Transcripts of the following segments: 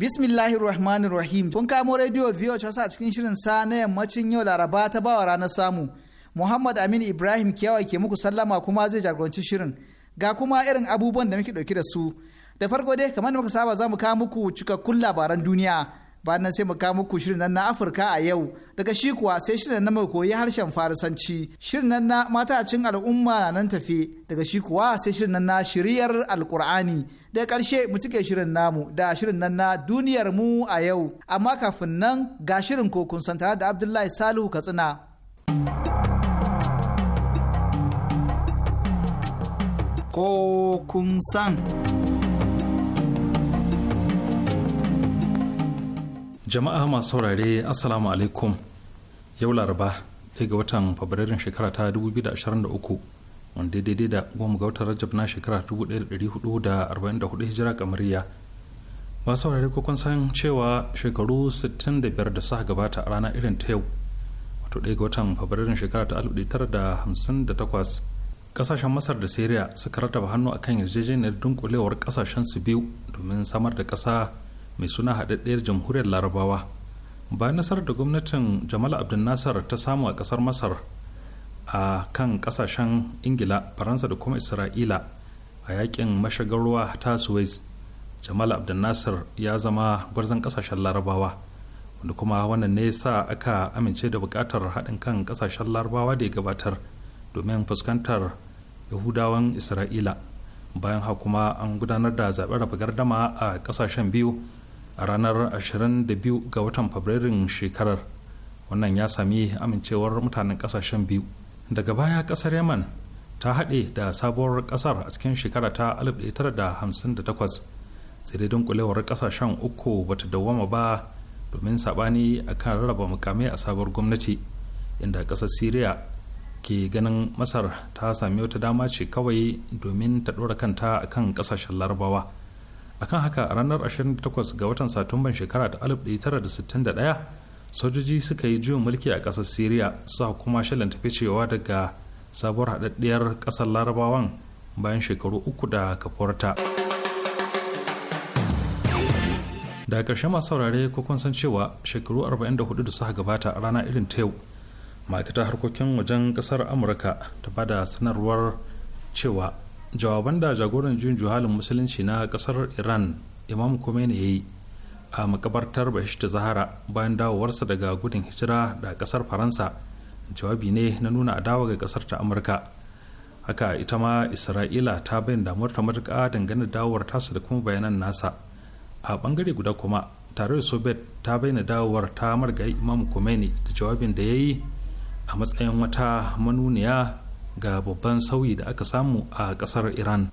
Bismillahirrahmanirrahim. Kun kamo rediyo VOH wasu a cikin shirin sa na yammacin yau Laraba ta bawa ranar samu. Muhammad Aminu Ibrahim Kiyawa ke muku sallama kuma zai jagoranci shirin. Ga kuma irin abubuwan da muke ɗauki da su. Da farko dai kamar da muka saba za mu kawo muku cikakkun labaran duniya. ba nan sai mu kawo muku shirin nan na Afirka a yau daga shi kuwa sai shirin nan mai koyi harshen Farisanci shirin nan na matacin al'umma na nan tafe daga shi kuwa sai shirin nan na shiriyar Alkur'ani daga karshe mu cike shirin namu da shirin nan na duniyar mu a yau amma kafin nan ga shirin kokun tare da Abdullahi Salihu Katsina. Kokun san. jama'a masu saurare assalamu alaikum yau laraba ɗaya ga watan fabrairun shekara ta 2023 wanda daidai da goma ga watan rajab na shekara 1444 hijira kamariya masu saurare ko san cewa shekaru 65 da suka gabata a rana irin ta yau wato ɗaya ga watan fabrairun shekara ta 1958 kasashen masar da syria suka rataba hannu akan yarjejeniyar dunkulewar kasashen su biyu domin samar da ƙasa mai suna haɗaɗɗiyar jamhuriyar larabawa bayan nasarar da gwamnatin jamal abdul nasar ta samu a ƙasar masar a kan ƙasashen ingila faransa da kuma isra'ila a yakin mashigar ruwa ta suez jamal abdul nasar ya zama barzan ƙasashen larabawa wanda kuma wannan ne sa aka amince da buƙatar haɗin kan ƙasashen larabawa da ya gabatar domin fuskantar yahudawan isra'ila bayan hau kuma an gudanar da zaɓen rafa gardama a ƙasashen biyu a ranar 22 ga watan fabrairun shekarar wannan ya sami amincewar mutanen kasashen biyu daga baya kasar yaman ta haɗe da sabuwar kasar a cikin shekara ta 1958 sai dai dunkulewar kasashen uku bata dawwama ba domin saɓani a kan rarraba mukamai a sabuwar gwamnati inda ƙasar syria ke ganin masar ta sami wata dama ce kawai domin ta ɗora kanta a kan ƙasashen larabawa akan haka a ranar 28 ga watan satumban shekara ta 1961 sojoji suka yi juyin mulki a ƙasar syria suka kuma shalanta cewa daga sabuwar haɗaɗɗiyar ƙasar larabawan bayan shekaru uku da kafuwarta daga ƙarshe masu saurare ko kun san cewa shekaru 44 da suka gabata a rana irin ta yau ma'aikatar harkokin wajen ƙasar amurka ta bada sanarwar cewa jawaban da jagoran juyin juhalin musulunci na kasar iran imam khomeini ya yi a makabartar ta zahara bayan dawowarsa daga gudun hijira da kasar faransa jawabi ne na nuna adawa ga kasar ta amurka haka ita ma isra'ila ta bayan damuwar ta matuƙa dangane dawowar tasu da kuma bayanan nasa a bangare guda kuma tare da soviet ta bayyana dawowar ta margayi imam khomeini da jawabin da ya yi a matsayin wata manuniya ga babban sauyi da aka samu a kasar iran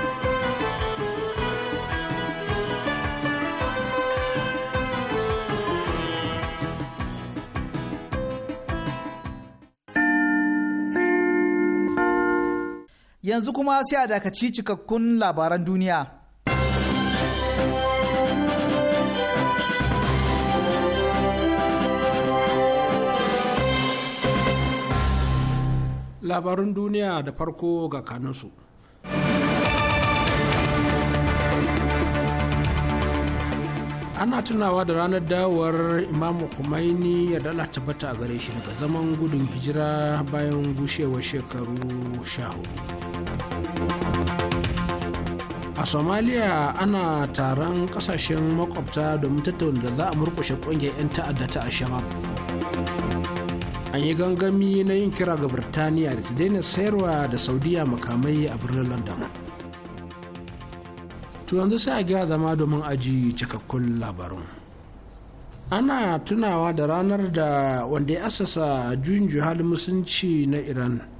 yanzu kuma sai a dakaci cikakkun labaran duniya. Labarun duniya da farko ga kanunsu. ana tunawa da ranar dawowar imamu Khomeini ya dala tabbata a gare shi daga zaman gudun hijira bayan gushewar shekaru sha hudu. a somaliya ana taron kasashen makwabta domin tattauna da za a murkushe kungiyar 'yan ta'adda ta ashabab an yi gangami na yin kira ga birtaniya da ta daina sayarwa da saudiya makamai a birnin london to yanzu sai a gyara zama domin aji cikakkun labarun ana tunawa da ranar da wanda ya asasa juyin juhalin musulunci na iran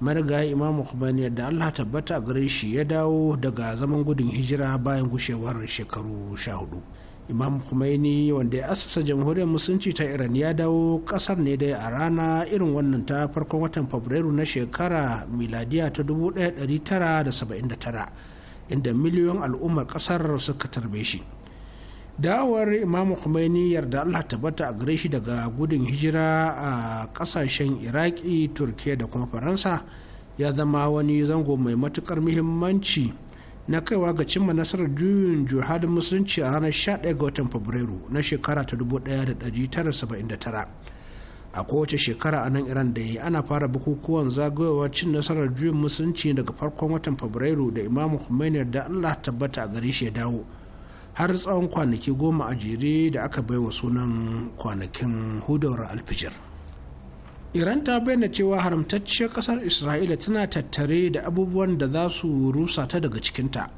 mariga imamu khomeini da allah tabbata gare shi ya dawo daga zaman gudun hijira bayan gushewar shekaru sha hudu imam khomeini wanda ya asasa jamhuriyar musulunci ta iran ya dawo kasar ne dai a rana irin wannan ta farkon watan fabrairu na shekara miladiya ta 1979 inda miliyoyin al'ummar kasar suka tarbe shi dawar imamu khomeini yarda allah tabbata a gare shi daga gudun hijira a kasashen iraki turkiya da kuma faransa ya zama wani zango mai matukar muhimmanci na kaiwa ga cimma nasarar juyin juhadin musulunci a ranar 11 ga watan fabrairu na shekara ta 1979 a kowace shekara a nan iran da ya yi ana fara bukukuwan zagayowar cin nasarar juyin musulunci daga farkon watan fabrairu da imamu khomeini da allah tabbata a gare shi ya dawo har tsawon kwanaki goma a jere da aka bai wa sunan kwanakin hudawar alfijir iran ta bayyana cewa haramtacciyar kasar isra'ila tana tattare da abubuwan da za su rusa ta daga cikinta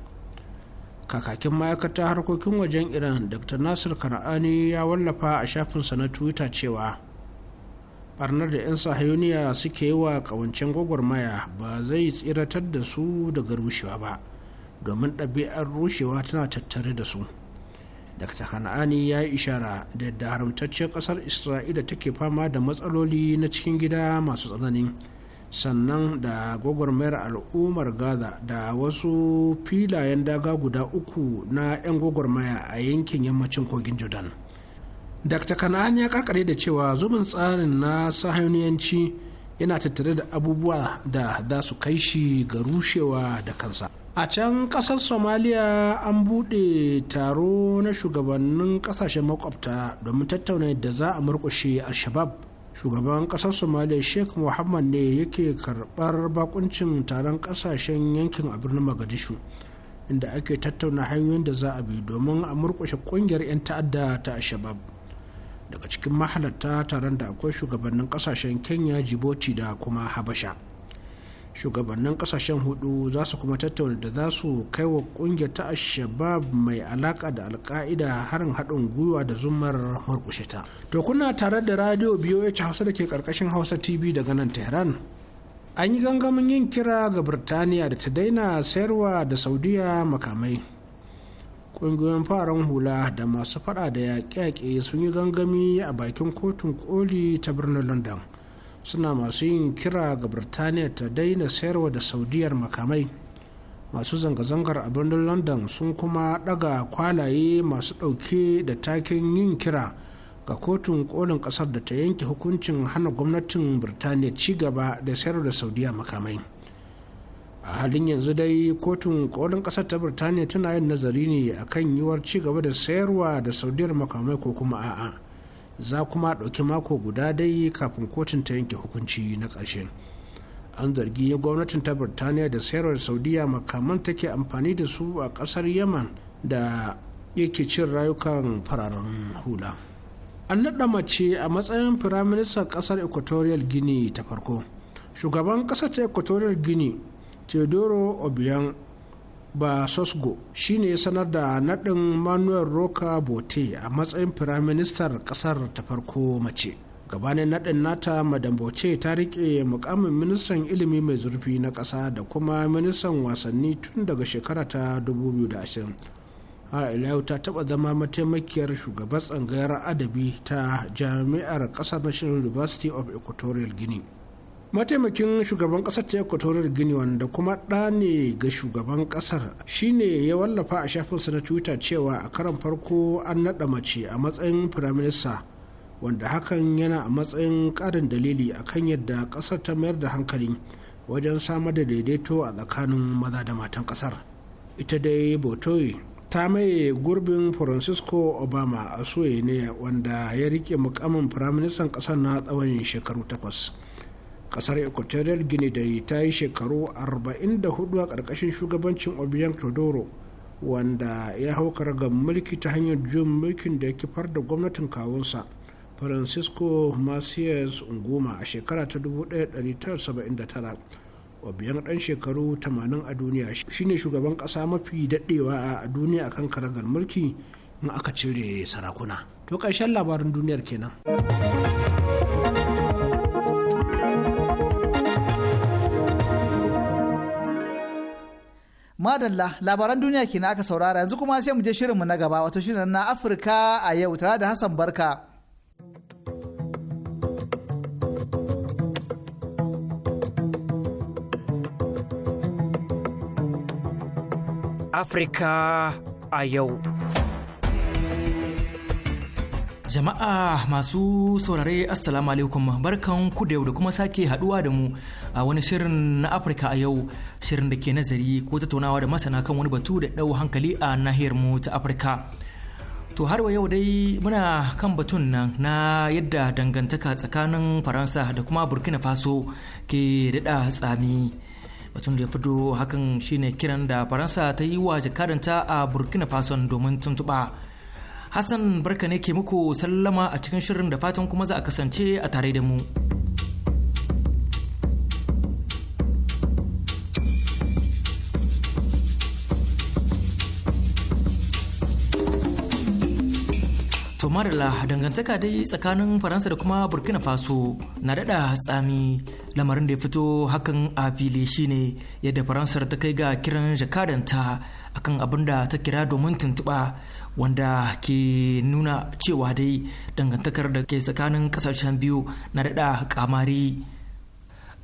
kakakin ma'aikata harkokin wajen iran dr nasir kana'ani ya wallafa a shafinsa na twitter cewa barnar da 'yan sahayuniya suke yi wa kawancin gwagwarmaya ba zai tsiratar da su daga rushewa ba domin ɗabi'ar rushewa tana tattare da su dr kana'ani ya yi ishara da yadda haramtacciyar ƙasar isra'ila take fama da matsaloli na cikin gida masu tsanani sannan da gwagwarmayar al'ummar gaza da wasu filayen daga guda uku na 'yan gwagwarmaya a yankin yammacin kogin jordan dr Kana'ani ya karkare da cewa zubin tsarin na sahiyoniyanci yana tattare da abubuwa da za su kai shi ga rushewa da kansa a can kasar somaliya an bude taro na shugabannin kasashen makwabta domin tattauna yadda za a murkushe al-shabab shugaban kasar somaliya sheikh muhammad ne yake karbar bakuncin taron kasashen yankin a birnin magadishu inda ake tattauna hanyoyin da za a bi domin a murkushe kungiyar 'yan ta'adda ta shabab daga cikin mahalarta taron da akwai shugabannin kasashen kenya jiboti da kuma habasha shugabannin kasashen hudu za su kuma tattauna da za su kai wa kungiyar ta shabab mai alaka da alka'ida harin haɗin gwiwa da zumar murkushe ta to kuna tare da radio biyoyi hausa da ke karkashin hausa tv daga nan tehran an yi gangamin yin kira ga birtaniya da ta daina sayarwa da saudiya makamai ƙungiyoyin fararen hula da masu fada da yaƙe-yaƙe sun yi gangami a bakin kotun koli ta birnin london suna masu yin kira ga birtaniya ta daina sayarwa da saudiyar makamai masu zanga-zangar a birnin london sun kuma daga kwalaye masu dauke da takin yin kira ga kotun kolin kasar da ta yanke hukuncin hana gwamnatin birtaniya ci gaba da sayarwa da saudiya makamai a halin yanzu dai kotun kolin kasar ta birtaniya tana yin nazari ne akan yiwuwar ci gaba da sayarwa da saudiyar makamai ko kuma a'a. za kuma ɗauki mako guda dai kafin kotun ta yanke hukunci na ƙarshe an zargi gwamnatin ta birtaniya da sayarwar saudiya makaman take amfani da su a ƙasar yaman da yake cin rayukan fararen hula an naɗa mace a matsayin firaministan ƙasar equatorial guinea ta farko shugaban ƙasar ta equatorial guinea teodoro obiang ba sosgo shine ya sanar da naɗin manuel roca bote a matsayin firaministar ƙasar ta farko mace gabanin naɗin nata madam bote ta riƙe mukamin ministan ilimi mai zurfi na ƙasa da kuma ministan wasanni tun daga shekara ta 2020 har yau ta taɓa zama mataimakiyar shugaban tsangayar adabi ta jami'ar ƙasar national university of equatorial guinea mataimakin shugaban kasar ta equatorial gini wanda kuma ɗa ne ga shugaban kasar shine ya wallafa a shafinsa na twitter cewa a karan farko an naɗa mace a matsayin firaminista wanda hakan yana a matsayin ƙarin dalili akan yadda ƙasar ta mayar da hankali wajen samar da daidaito a tsakanin maza da matan ƙasar ita dai botoy ta maye gurbin francisco obama a ne wanda ya rike mukamin firaministan ƙasar na tsawon shekaru takwas kasar equatorial guinea da ta yi shekaru 44 a karkashin shugabancin obiang todoro wanda ya hau ga mulki ta hanyar juyin mulkin da ya kifar da gwamnatin kawunsa francisco macias nguma a shekara ta 1979 obiang dan shekaru 80 a duniya shine shugaban kasa mafi daɗewa a duniya akan karagar mulki in aka cire sarakuna to ƙarshen labarin duniyar kenan. madalla labaran duniya ke aka saurara yanzu kuma sai mu je shirinmu na gaba wato shirin na afirka a yau tare da hassan barka afirka a yau Jama'a masu saurare Assalamu alaikum barkan ku da yau da kuma sake haduwa da mu a wani shirin na Afirka a yau shirin da ke nazari ko tattaunawa da masana kan wani batu da ɗau hankali a nahiyar mu ta Afirka. To har wa yau dai muna kan batun nan na yadda dangantaka tsakanin Faransa da kuma Burkina Faso ke daɗa tsami. Batun da ya fito hakan shine kiran da Faransa ta yi wa jakadanta a Burkina Faso domin tuntuɓa. Hassan barka ne ke muku sallama a cikin shirin da fatan kuma za a kasance a tare da mu. Tomarila dangantaka dai tsakanin Faransa da kuma Burkina Faso na dada tsami lamarin da ya fito hakan a fili shine yadda Faransar ta kai ga kiran jakadanta akan abin ta kira domin tuntuɓa wanda ke nuna cewa dai dangantakar da ke tsakanin kasashen biyu na daɗa kamari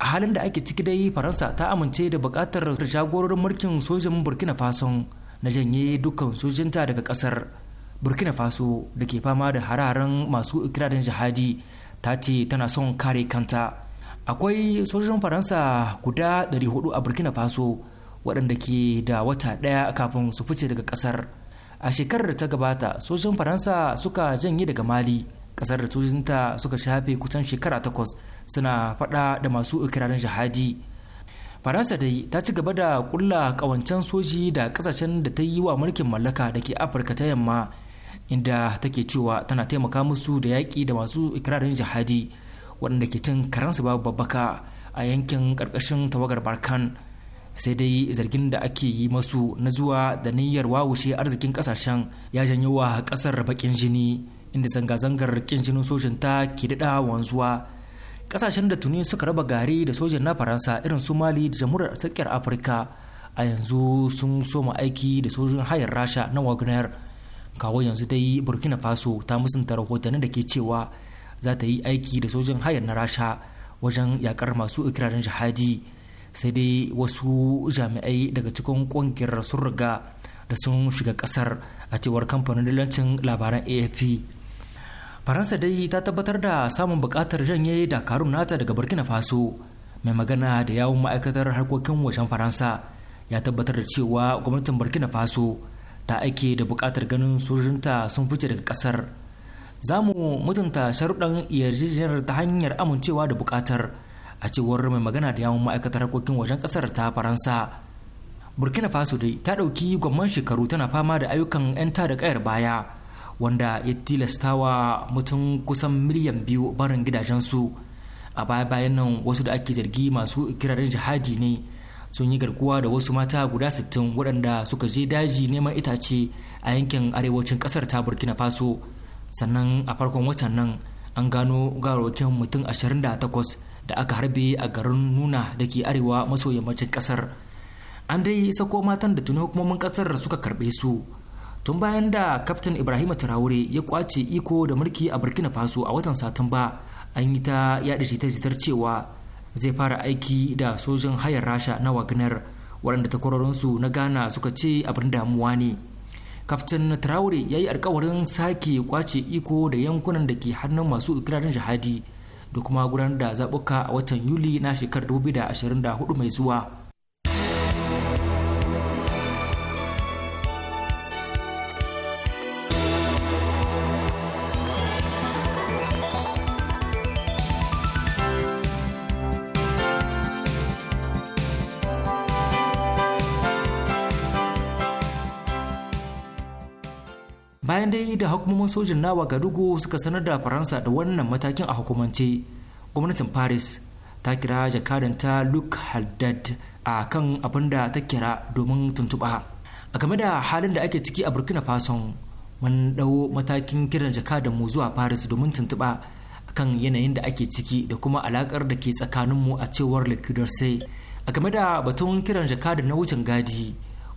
a halin da ake ciki dai faransa ta amince da buƙatar shagororin mulkin sojin burkina faso na janye dukkan sojinta daga ƙasar burkina faso da ke fama da hararen masu ikirarin jihadi ta ce tana son kare kanta akwai sojojin faransa guda 400 a burkina faso waɗanda ke da wata ɗaya kafin su fice daga ƙasar a shekarar da ta gabata sojin faransa suka janye daga mali kasar da sojinta suka shafe kusan shekara takwas suna fada da masu ikirarin jihadi faransa dai ta ci gaba da kulla kawancen soji da kasashen da ta yi wa mulkin mallaka da ke afirka ta yamma inda take cewa tana taimaka musu da yaƙi da masu ikirarin jihadi waɗanda ke cin karansu babu babbaka a yankin ƙarƙashin tawagar barkan sai dai zargin da ake yi masu na zuwa da niyyar wawushe arzikin kasashen ya janyo wa kasar bakin jini inda zanga-zangar kin jinin sojin ta ke daɗa wanzuwa kasashen da tuni suka raba gari da sojin na faransa irin su mali da jamhuriyar tsakiyar afirka a yanzu sun soma aiki da sojin hayar rasha na wagner kawo yanzu dai burkina faso ta musanta rahotanni da ke cewa za ta yi aiki da sojin hayar na rasha wajen yakar masu ikirarin jihadi sai dai wasu jami'ai daga cikin kungiyar sun riga da sun shiga kasar a cewar kamfanin dalancin labaran afp faransa dai ta tabbatar da samun bukatar janye dakarun nata daga burkina faso mai magana da yawun ma'aikatar harkokin wajen faransa ya tabbatar da cewa gwamnatin burkina faso ta aike da bukatar ganin sojinta sun fice daga kasar za mu mutunta sharuɗan yarjejeniyar ta hanyar amincewa da bukatar a cewar mai magana da yawon ma'aikatar harkokin wajen kasar ta faransa burkina faso dai ta ɗauki gwamman shekaru tana fama da ayyukan 'yan ta da ƙayar baya wanda ya tilastawa mutum kusan miliyan biyu barin gidajensu a baya bayan nan wasu da ake zargi masu ikirarin jihadi ne sun yi garkuwa da wasu mata guda sittin waɗanda suka je daji neman itace a yankin arewacin ƙasar ta burkina faso sannan a farkon watan nan an gano garokin mutum 28 da aka harbe a garin nuna da ke arewa maso yammacin kasar an dai sako matan da tuni hukumomin kasar suka karbe su tun bayan da kaftin ibrahima turawure ya kwace iko da mulki a burkina faso a watan satumba an yi ta yaɗa jita-jitar cewa zai fara aiki da sojin hayar rasha na wagner waɗanda takwarorinsu na ghana suka ce abin damuwa ne kaftin turawure ya yi alkawarin sake kwace iko da yankunan da ke hannun masu ikirarin jihadi da kuma gudanar da zaɓuka a watan yuli na shekarar 2024 mai zuwa dai da hukumomin sojin ga wagadugu suka sanar da faransa da wannan matakin a hukumance gwamnatin paris ta kira jakadanta luc haddad a kan abin da ta kira domin tuntuɓa a game da halin da ake ciki a burkina faso mun dawo matakin kiran jakadan mu zuwa paris domin tuntuɓa kan yanayin da ake ciki da kuma alakar da ke tsakaninmu a cewar likidarse a game da batun kiran jakadan na wucin gadi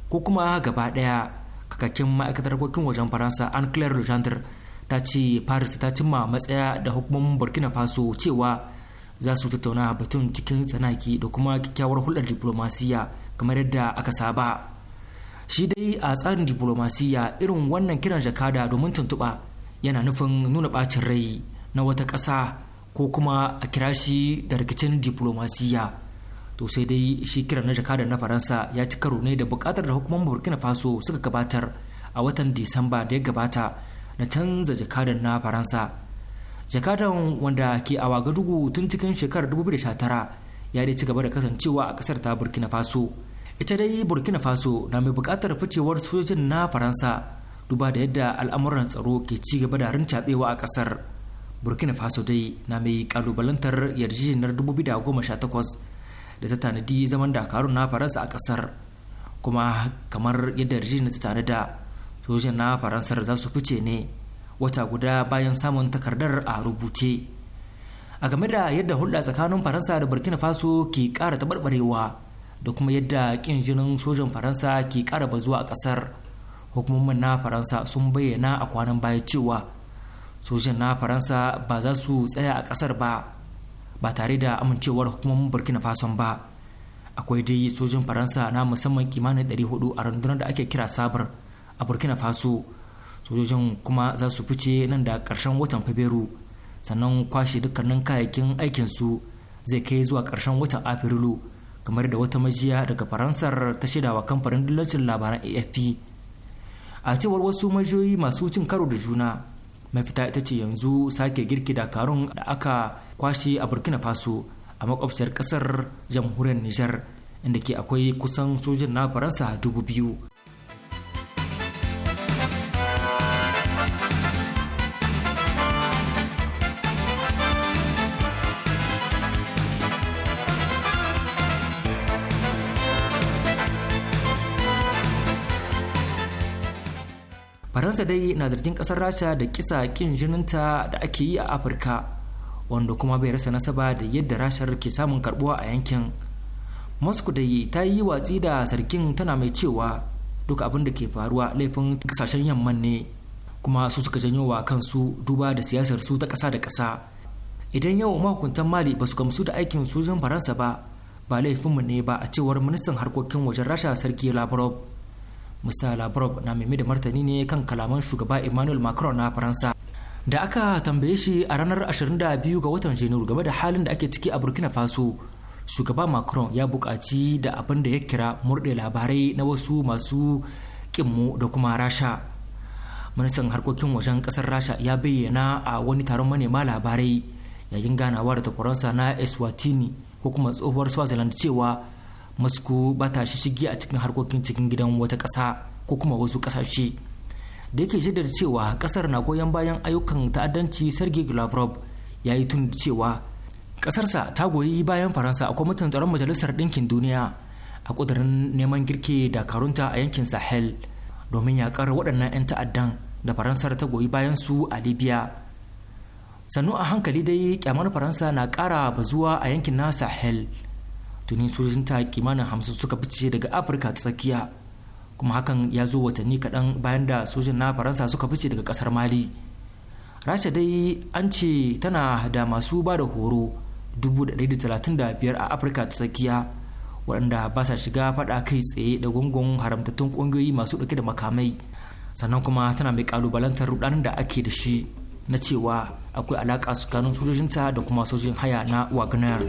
ko kuma gaba ɗaya kakakin ma'aikatar harkokin wajen faransa an claire lejeune ta ce paris ta cimma matsaya da hukumomin burkina faso cewa za su tattauna batun cikin tsanaki da kuma kyakkyawar hulɗar diplomasiya kamar yadda aka saba shi dai a tsarin diplomasiya irin wannan kiran jakada domin tuntuɓa yana nufin nuna ɓacin rai na wata ƙasa ko kuma a kira shi da rikicin diplomasiya to sai dai shi kiran na jakadar na faransa ya ci karo ne da bukatar da hukumar burkina faso suka gabatar a watan disamba da ya gabata na canza jakadar na faransa jakadan wanda ke a wagadugu tun cikin shekarar 2019 ya dai ci gaba da kasancewa a kasar ta burkina faso ita dai burkina faso na mai bukatar ficewar sojojin na faransa duba da yadda al'amuran tsaro ke ci gaba da rincaɓewa a kasar burkina faso dai na mai kalubalantar yarjejeniyar 2018 da ta tanadi zaman dakarun na faransa a kasar kuma kamar yadda yarjejeniyar ta tanada sojin na faransar za su fice ne wata guda bayan samun takardar a rubuce a game da yadda hulɗa tsakanin faransa da burkina faso ke ƙara taɓarɓarewa da kuma yadda ƙin jinin sojan faransa ke ƙara bazuwa a ƙasar hukumomin na faransa sun bayyana a kwanan baya cewa sojan na faransa ba za su tsaya a ƙasar ba ba tare da amincewar hukumomin burkina faso ba akwai dai sojin faransa na musamman kimanin 400 a rundunar da ake kira sabar a burkina faso sojojin kuma za su fice nan da karshen watan fabrairu sannan kwashe dukkanin kayayyakin aikinsu zai kai zuwa karshen watan afrilu kamar da wata majiya daga faransar ta shaida wa kamfanin dillacin labaran afp a cewar wasu majiyoyi masu cin karo da juna mafita ita ce yanzu sake girki dakarun da aka kwashe a burkina faso a makwabciyar kasar jamhuriyar nijar inda ke akwai kusan sojin na faransa dubu biyu faransa dai na zargin kasar rasha da kisa kin jininta da ake yi a afirka wanda kuma bai rasa nasaba da yadda rashar ke samun karbuwa a yankin moscow dai ta yi watsi da sarkin tana mai cewa duk abin da ke faruwa laifin kasashen yamman ne kuma su suka janyo wa kansu duba da siyasar su ta kasa da kasa idan yau mahukuntan mali ba su gamsu da aikin su zan faransa ba ba laifinmu ne ba a cewar ministan harkokin wajen rasha sarki lavrov Musa Labrov na mai da martani ne kan kalaman shugaba Emmanuel Macron na Faransa. Da aka tambaye shi a ranar 22 ga watan Janairu game da halin da ake ciki a Burkina Faso, shugaba Macron ya buƙaci da abin da ya kira murɗe labarai na wasu masu ƙinmu da kuma rasha. Ministan harkokin wajen ƙasar rasha ya bayyana a wani taron manema labarai yayin ganawa da takwaransa na Eswatini ko kuma tsohuwar Swaziland cewa moscow ba ta shige a cikin harkokin cikin gidan wata ƙasa ko kuma wasu ƙasashe da yake shaidar cewa ƙasar na goyon bayan ayyukan ta'addanci sergei lavrov ya yi tun cewa ƙasarsa ta goyi bayan faransa a kwamitin tsaron majalisar ɗinkin duniya a ƙudurin neman girke karunta a yankin sahel domin yaƙar waɗannan 'yan ta'addan da faransar ta goyi bayan su a libya sannu a hankali dai kyamar faransa na ƙara bazuwa a yankin na sahel tuni sojojin ta kimanin hamsin suka fice daga afirka ta tsakiya kuma hakan ya zo watanni kaɗan bayan da sojin na faransa suka fice daga ƙasar mali rasha dai an ce tana da masu ba da horo biyar a afirka ta tsakiya waɗanda ba sa shiga faɗa kai tsaye da gungun haramtattun ƙungiyoyi masu ɗauke da makamai sannan kuma tana mai ƙalubalantar rudanin da ake da shi na cewa akwai alaƙa tsakanin sojojinta da kuma sojojin haya na wagner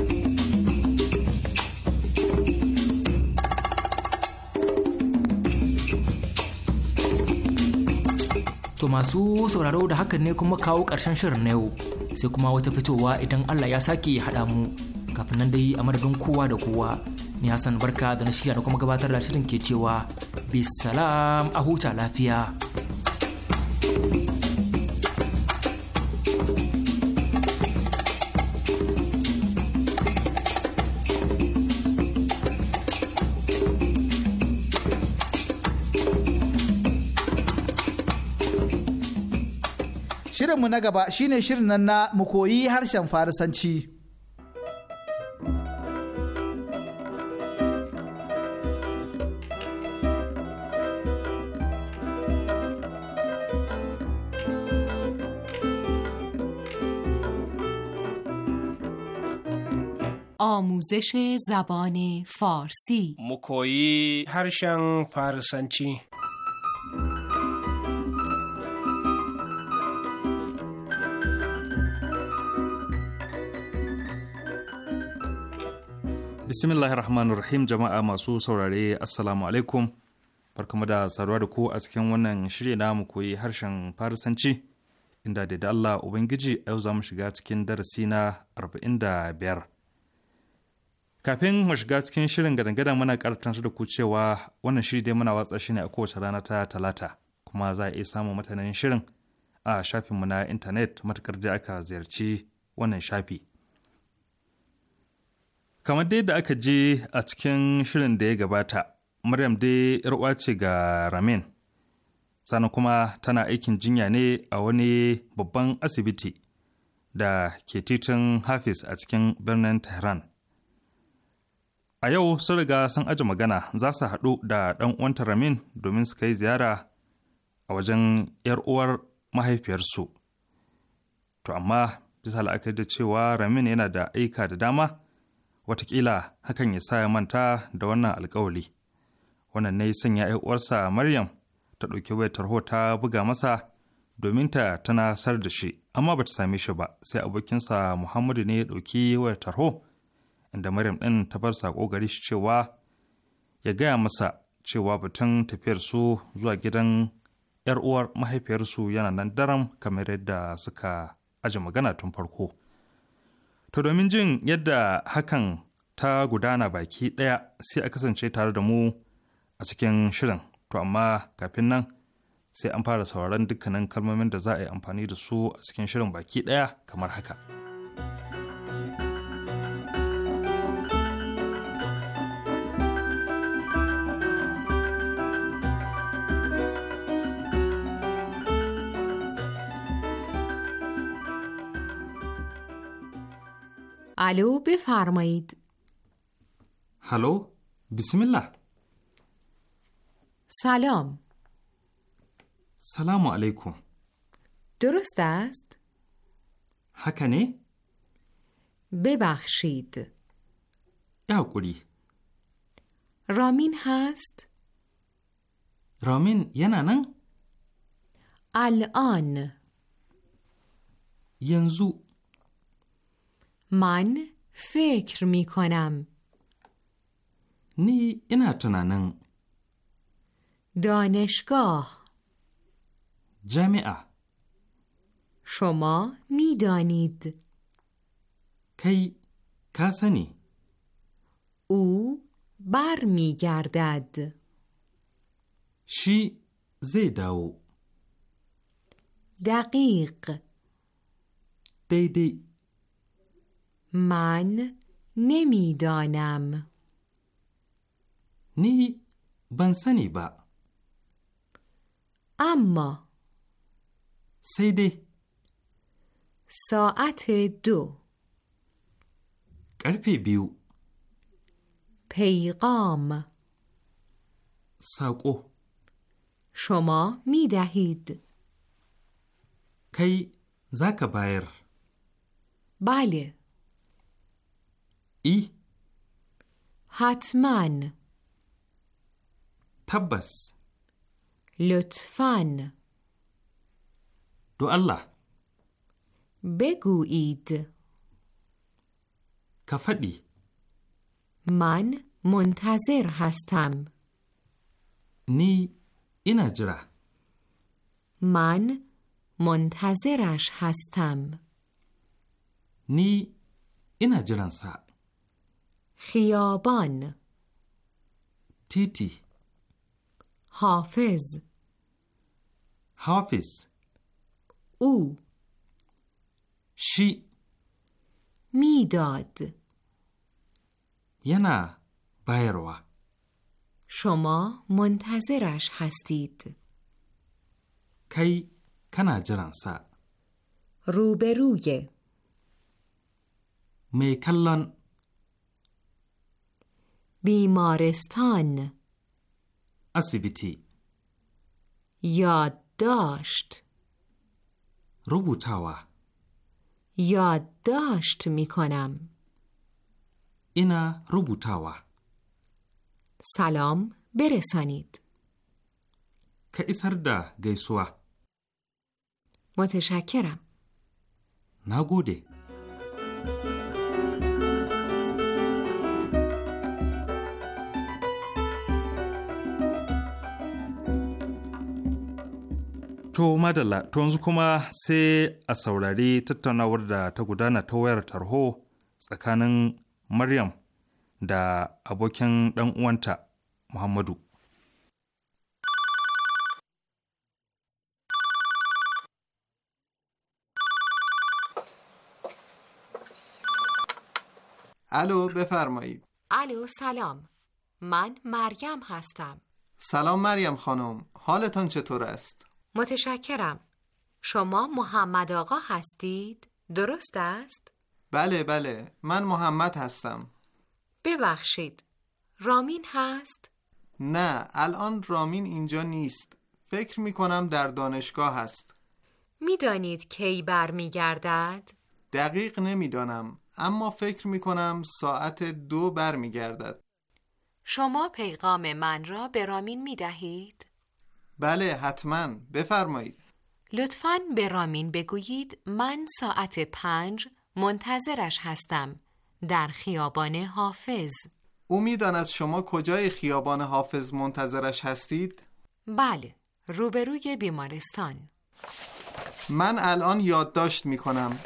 To masu sauraro da hakan ne kuma kawo ƙarshen shirin na yau sai kuma wata fitowa idan Allah ya sake haɗa mu kafin nan dai a madadin kowa da kowa ni Hassan barka da na shirya da kuma gabatar da shirin ke cewa bisalam a huta lafiya. mu na gaba shine shirin nan na mu koyi harshen Farisanci. آموزش زبان فارسی مکویی هرشن فارسنچی bismillahi rahim jama'a masu saurare assalamu alaikum barkamu da saduwa da ku a cikin wannan shirya na mu koyi harshen farisanci inda da Allah ubangiji yau za mu shiga cikin darasi na 45 kafin mu shiga cikin shirin gadangadan muna karatar da ku cewa wannan shiri dai muna watsa shi ne a kowace rana ta talata kuma za a iya samun mutanen shirin a shafinmu na intanet matukar da aka ziyarci wannan shafi kamar dai da aka je a cikin shirin da ya gabata maryam dai yarwa ce ga ramin sannan kuma tana aikin jinya ne a wani babban asibiti da ke titin hafiz a cikin birnin tehran a yau sun riga sun aji magana za su haɗu da ɗan uwanta ramin domin su kai ziyara a wajen 'yar uwar mahaifiyarsu to amma bisa la'akari da cewa ramin yana da aika da dama watakila hakan ya sa ya manta da wannan alkawali wannan ne sanya uwarsa maryam ta ɗauki wayar tarho ta buga masa domin ta tana sar da shi amma bata same shi ba sai abokinsa muhammadu ne ya ɗauki wayar tarho inda maryam ɗin ta bar saƙo gare shi cewa ya gaya masa cewa batun tafiyar su zuwa gidan yar uwar mahaifiyarsu yana nan daram kamar yadda suka aji magana tun farko. To domin jin yadda hakan ta gudana baki ɗaya sai a kasance tare da mu a cikin shirin. To amma kafin nan sai an fara sauraron dukkanin kalmomin da za a yi amfani da su a cikin shirin baki ɗaya kamar haka. الو بفرمایید هلو بسم الله سلام سلام علیکم درست است؟ حکنه؟ ببخشید یا رامین هست؟ رامین یه ننن؟ الان ینزو من فکر می کنم نی اینا تنانن دانشگاه جمعه شما دانید کی کسانی او بر می گردد شی زیداو دقیق دیدی من نمیدانم نی بنسنی با اما سیده ساعت دو قرپی بیو پیغام ساقو شما می دهید کی زاک بایر بله ای حتما تبس لطفا دو الله بگویید کفدی من منتظر هستم نی اینا جرا من منتظرش هستم نی اینا جرانسا خیابان تیتی حافظ حافظ او شی میداد ینا بایروا شما منتظرش هستید کی کنا جرانسا روبروی میکلن بیمارستان اسیبیتی یادداشت روبوتاوا یادداشت می کنم اینا روبوتاوا سلام برسانید که ایسر ده گیسوا متشکرم نگوده To madalla, to yanzu kuma sai a saurari tattaunawar da ta gudana ta wayar tarho tsakanin Maryam da abokin dan uwanta Muhammadu. الو بفرمایید الو سلام من مریم هستم سلام مریم خانم حالتان چطور است متشکرم. شما محمد آقا هستید؟ درست است؟ بله بله من محمد هستم ببخشید رامین هست؟ نه الان رامین اینجا نیست فکر می کنم در دانشگاه هست میدانید کی برمیگردد؟ دقیق نمیدانم اما فکر می کنم ساعت دو برمیگردد شما پیغام من را به رامین می دهید؟ بله حتما بفرمایید لطفا به رامین بگویید من ساعت پنج منتظرش هستم در خیابان حافظ او میداند شما کجای خیابان حافظ منتظرش هستید؟ بله روبروی بیمارستان من الان یادداشت می کنم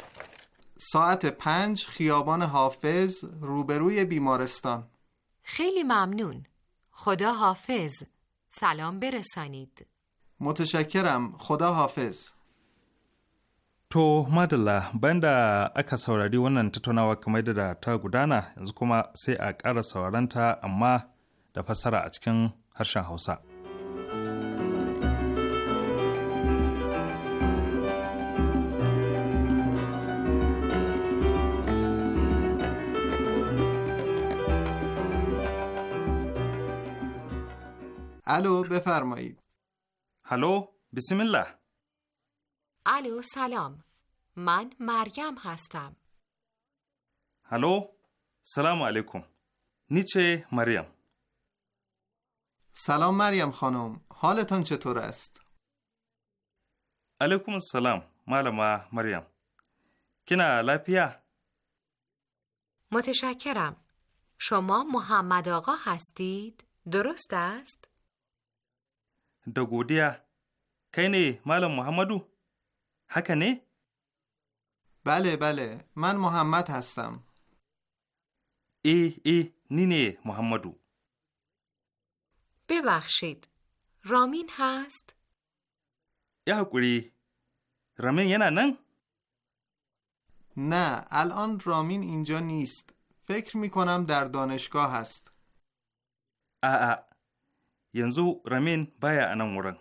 ساعت پنج خیابان حافظ روبروی بیمارستان خیلی ممنون خدا حافظ سلام برسانید متشکرم خدا حافظ To madalla da aka saurari wannan tattaunawa kamar da ta gudana yanzu kuma sai a ƙara sauraranta amma da fassara a cikin harshen Hausa. الو بفرمایید هلو بسم الله الو سلام من مریم هستم هلو سلام علیکم نیچه مریم سلام مریم خانم حالتان چطور است؟ علیکم السلام معلم مریم کنا لپیا متشکرم شما محمد آقا هستید؟ درست است؟ da godiya kai ne محمدو بله بله من محمد هستم ای ای نینه محمدو ببخشید رامین هست یه حکوری رامین یه نن؟ نه الان رامین اینجا نیست فکر می کنم در دانشگاه هست آه ah, ah. ینزو رامین بایا انان ورن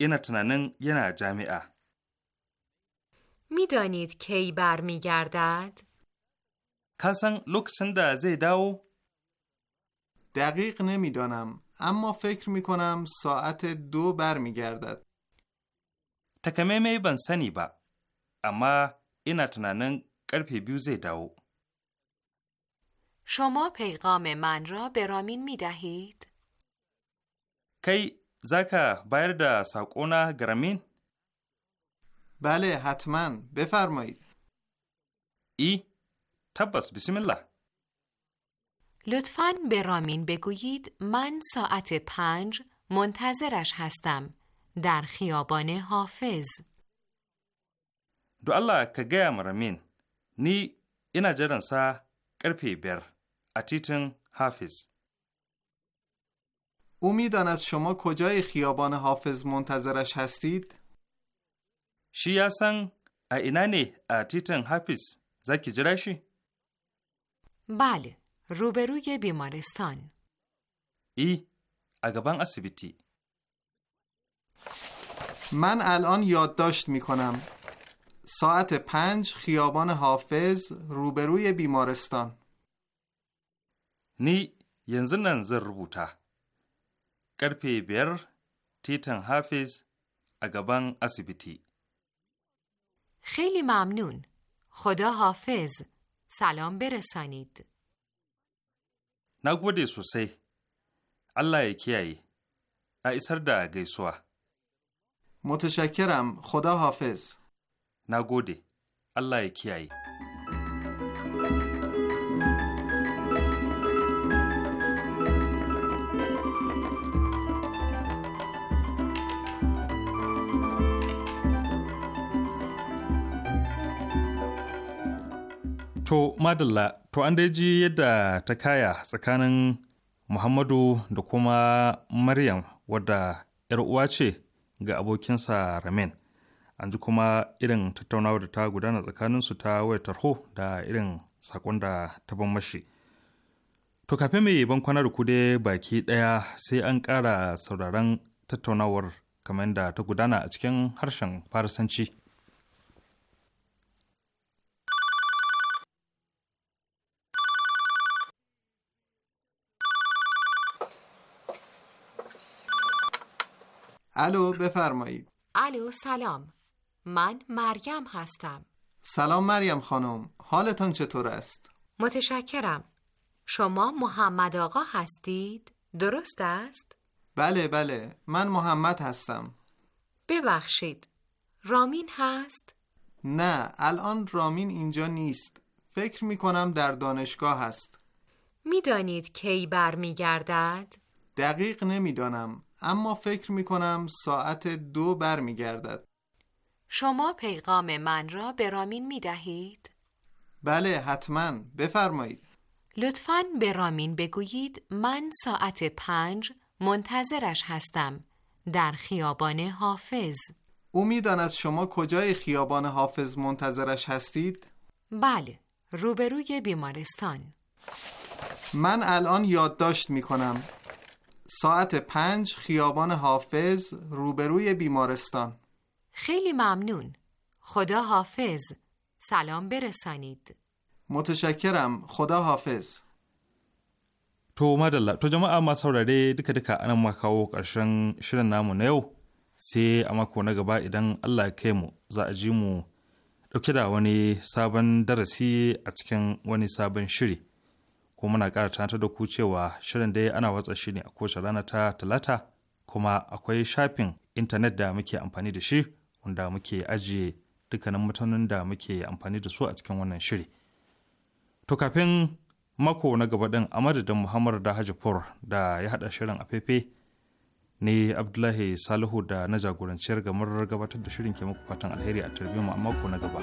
اینا تنانن ینا جامعه میدانید کی برمیگردد؟ کسان لوکسن دا زی داو؟ دقیق نمیدانم اما فکر می کنم ساعت دو برمیگردد. تکمه بن سنی ba, اما ina tunanin karfe biyu zai dawo. شما پیغام من را به رامین می دهید؟ کی زکا باید دا ساقونا گرامین؟ بله حتما بفرمایید ای تبس بسم الله لطفا به رامین بگویید من ساعت پنج منتظرش هستم در خیابان حافظ دو الله که مرامین؟ نی اینا جرن کرپی بر اتیتن حافظ او میداند شما کجای خیابان حافظ منتظرش هستید؟ شی یاسن ا حافظ زکی جراشی؟ بله روبروی بیمارستان ای اگبان اسبیتی من الان یادداشت می کنم ساعت پنج خیابان حافظ روبروی بیمارستان نی ینزنن زر بوته karfe biyar titin hafiz a gaban asibiti. Khili mamnun, khoda hafiz, salam bere sanid. Na gode sosai, Allah ya kiyaye, a isar da gaisuwa. Mutashakiram, khoda hafiz. Na gode, Allah ya kiyaye. To madalla, to an dai ji yadda ta kaya tsakanin Muhammadu da kuma Maryam wadda ‘yar uwa ce ga abokinsa Ramin. An ji kuma irin tattaunawa da ta gudana tsakanin su ta waya tarho da irin sakon da ta ban mashi. To kafin mai ban kwana da kude baki ɗaya sai an ƙara sauraron tattaunawar kamar da ta gudana a cikin harshen Farisanci. الو بفرمایید الو سلام من مریم هستم سلام مریم خانم حالتان چطور است؟ متشکرم شما محمد آقا هستید؟ درست است؟ بله بله من محمد هستم ببخشید رامین هست؟ نه الان رامین اینجا نیست فکر می کنم در دانشگاه هست میدانید کی برمیگردد؟ دقیق نمیدانم اما فکر می کنم ساعت دو برمیگردد. شما پیغام من را به رامین می دهید؟ بله حتما بفرمایید. لطفا به رامین بگویید من ساعت پنج منتظرش هستم در خیابان حافظ. او میداند شما کجای خیابان حافظ منتظرش هستید؟ بله روبروی بیمارستان من الان یادداشت می کنم ساعت پنج خیابان حافظ روبروی بیمارستان خیلی ممنون خدا حافظ سلام برسانید متشکرم خدا حافظ تو مدلا تو جمع اما سوراری دکا دکا انا ما کهو کرشن شرن نامو نیو سی اما کونه گبا ایدن الله کیمو زا اجیمو دوکی دا ونی سابن درسی اچکن ونی سابن شری kuma muna ƙara tantar da ku cewa shirin dai ana watsa shi ne a kowace rana ta talata kuma akwai shafin intanet da muke amfani da shi wanda muke ajiye dukkanin mutanen da muke amfani da su a cikin wannan shiri. To kafin mako na gaba ɗin a madadin Muhammadu da Hajifur da ya haɗa shirin a fefe ne Abdullahi Salihu da na jagoranciyar gamar gabatar da shirin ke muku fatan alheri a tarbiyyar mako na gaba.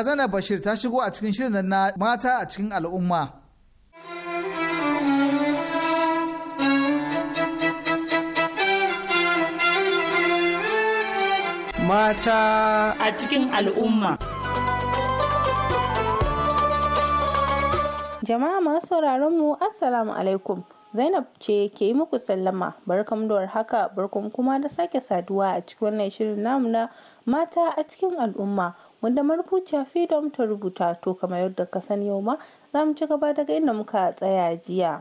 razana bashir ta shigo a cikin shirin na mata a cikin al'umma mata a cikin al'umma jama'a masu sauraron mu assalamu alaikum Zainab ce ke yi muku sallama barkam da haka barkam kuma da sake saduwa a cikin wannan shirin namu mata a cikin al'umma wanda marubuciya freedom ta rubuta to kamar yadda ka sani yau ma za mu ci gaba daga inda muka tsaya jiya.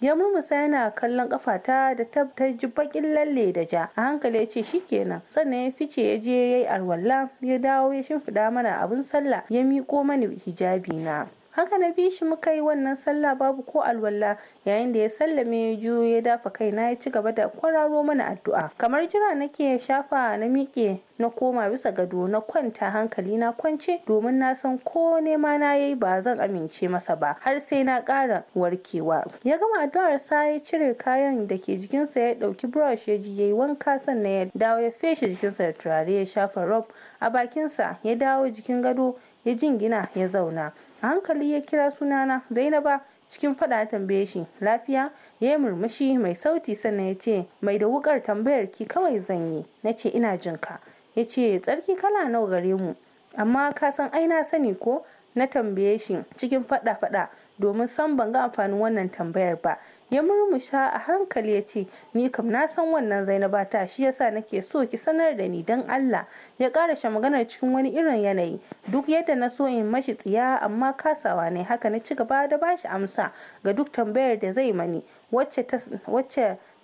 ya musa yana kallon kafata da ta ji bakin lalle da ja a hankali ya ce kenan sannan ya fice ya je ya yi alwala ya dawo ya shimfiɗa mana abin sallah ya miƙo mani hijabi na haka na bi shi muka yi wannan sallah babu ko alwala yayin da ya sallame ya juyo ya dafa kai na ya ci gaba da kwararo mana addu'a kamar jira nake shafa na miƙe na koma bisa gado na kwanta hankali na kwance domin na san ko nema na yayi ba zan amince masa ba har sai na ƙara warkewa ya gama addu'ar sa ya cire kayan da ke jikinsa ya ɗauki brush ya ji yayi wanka sannan ya dawo ya feshe jikinsa da turare ya shafa rob a bakinsa ya dawo jikin gado ya jingina ya zauna a hankali ya kira sunana zainaba cikin fada ya tambaye shi lafiya ya murmushi mai sauti sannan ya ce mai da wukar tambayar ki kawai zan yi na ce ina jinka ya ce tsarki kala nawa gare mu amma ka san aina sani ko na tambaye shi cikin fada fada domin san ban ga amfanin wannan tambayar ba ya murmusha a hankali ya ce ni kam na san wannan zainaba ta shi yasa nake so ki sanar da ni don allah ya karashe maganar cikin wani irin yanayi duk yadda na so in mashi tsiya amma kasawa ne haka na ci gaba da bashi amsa ga duk tambayar da zai mani wacce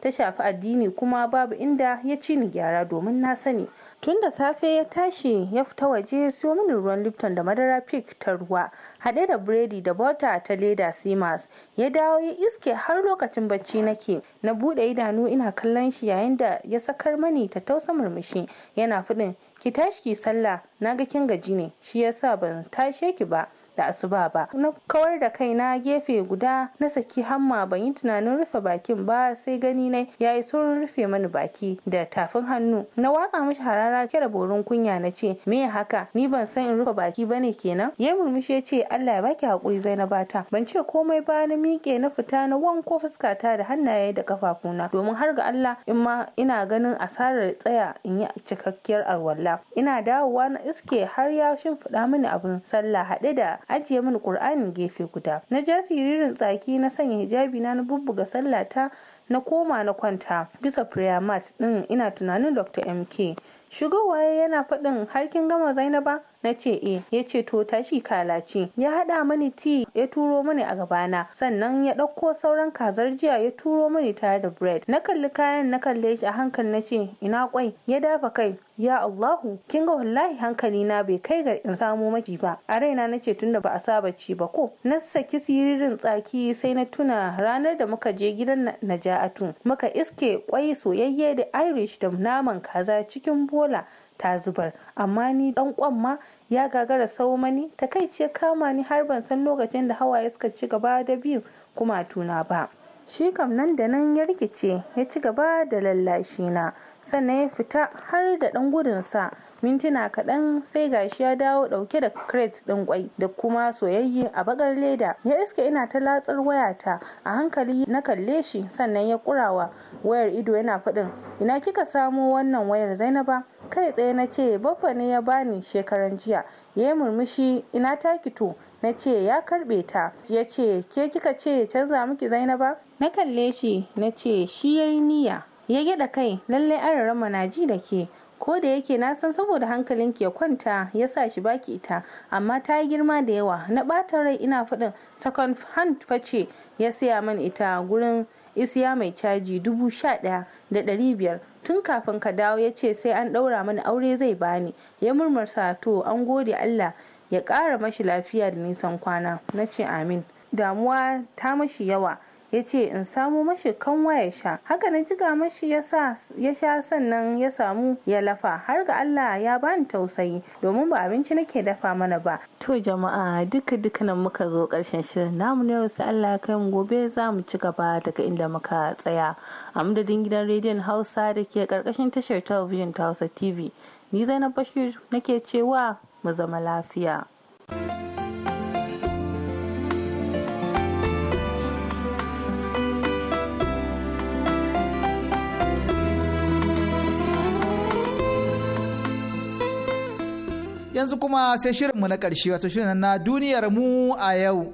ta shafi addini kuma babu inda ya ci ni gyara domin na sani tun da safe ya tashi ya fita waje siyo mini ruwan lipton da madara pik ta ruwa haɗe da biredi da bota ta leda simas ya dawo ya iske har lokacin bacci nake na buɗe idanu ina kallon shi yayin da ya sakar mani ta tausa murmushi yana fudin ki tashi ki sallah ga kin gaji ne shi yasa ban tashe ki ba da asuba ba na kawar da kai, na gefe guda na saki hamma ban yi tunanin rufe bakin ba sai gani na yi saurin rufe mani baki da tafin hannu na watsa mishi harara kera borin kunya na ce me haka ni ban san in rufe baki ba ne kenan ya murmushi ya ce Allah ya baki hakuri Zainabata ban ce komai ba na miƙe na fita na wanko fuskata da hannaye da kafafuna domin har ga Allah in ma ina ganin asarar tsaya in yi cikakkiyar alwala ina dawowa na iske har ya shimfiɗa mini abin sallah haɗe da ajiye mini qur'anin gefe guda na ja siririn tsaki na sanya hijabi na na bubbuga sallata na koma na kwanta bisa prayer mat din ina tunanin dr mk shigowa yana faɗin har kin gama zainaba na ce e ya ce to tashi kalaci ya haɗa mani ti ya turo mani a gabana sannan ya ɗauko sauran kazar jiya ya turo mani tare da bread na kalli kayan na kalle shi a hankali na ce ina kwai ya dafa kai ya Allahu kin ga wallahi hankali na bai kai ga in samo maki ba a raina na ce tunda ba a saba ci ba ko na saki siririn tsaki sai na tuna ranar da muka je gidan Naja'atu muka iske kwai soyayye da Irish da naman kaza cikin bola ta zubar amma ni dan kwan ya gagara saumani mani takaici ya kama ni har ban san lokacin da hawaye suka ci gaba da biyu kuma tuna ba shi kam nan da nan ya rikice ya ci gaba da lallashi na sannan ya fita har da dan gudunsa mintuna kaɗan sai gashi ya dawo ɗauke da crate ɗin kwai da kuma soyayye a bakar leda ya iske ina ta latsar wayata a hankali na kalle shi sannan ya kurawa wayar ido yana faɗin ina kika samo wannan wayar zainaba kai tsaye na ce baffa ne ya bani shekaran jiya ya murmushi ina ta kito na ce ya karɓe ta ya ce ke kika ce canza miki zainaba na kalle shi na ce shi ya yi niyya ya gyaɗa kai lallai an rama na ji da ke ko da yake na san saboda hankalinki ya kwanta ya sa shi baki ita amma ta yi girma da yawa na ɓata rai ina faɗin second hand face ya siya man ita gurin isiya mai caji dubu sha ɗaya da ɗari biyar tun kafin ka dawo ya ce sai an ɗaura mana aure zai bani ya murmursa to an gode allah ya ƙara mashi lafiya da nisan kwana na ce amin damuwa ta mashi yawa ya ce in samu mashi kanwa ya sha haka na jiga mashi ya sha sannan ya samu ya lafa har ga Allah ya bani tausayi domin ba abinci nake dafa mana ba to jama'a duka duka nan muka zo karshen shirin namu ne wasu Allah ya kai mu gobe za mu ci gaba daga inda muka tsaya a madadin gidan rediyon Hausa da ke karkashin tashar talabijin ta Hausa TV ni Zainab Bashir nake cewa mu zama lafiya. thank you yanzu kuma sai shirin mu na ƙarshe wato shirin na duniyar mu a yau.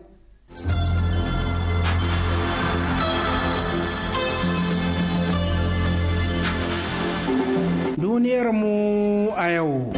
Duniyar mu a yau.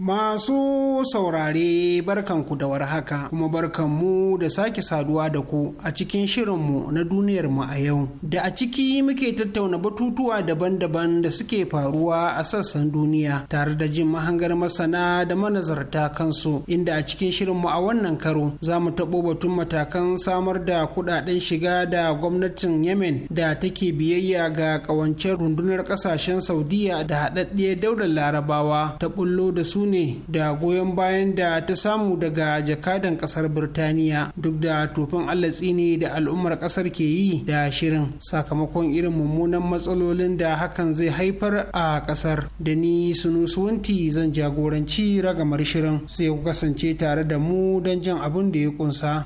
Masu saurare barkanku da haka kuma barkanmu da sake saduwa da ku a cikin shirin mu na duniyar mu a yau. Da a ciki muke tattauna batutuwa daban-daban da suke faruwa a sassan duniya tare da jin mahangar masana da manazarta kansu inda a cikin shirin mu a wannan karo za mu taɓo batun matakan samar da kuɗaɗen shiga da gwamnatin Yemen da take biyayya ga ƙawancen rundunar ƙasashen Saudiya da haɗaɗɗiyar daular Larabawa ta ɓullo da su ne da goyon bayan da ta samu daga jakadan kasar birtaniya duk da tofin allatsi ne da al'ummar kasar ke yi da shirin sakamakon irin mummunan matsalolin da hakan zai haifar a kasar da ni suwanti zan jagoranci ragamar shirin sai ku kasance tare da mu don jin abin da ya kunsa.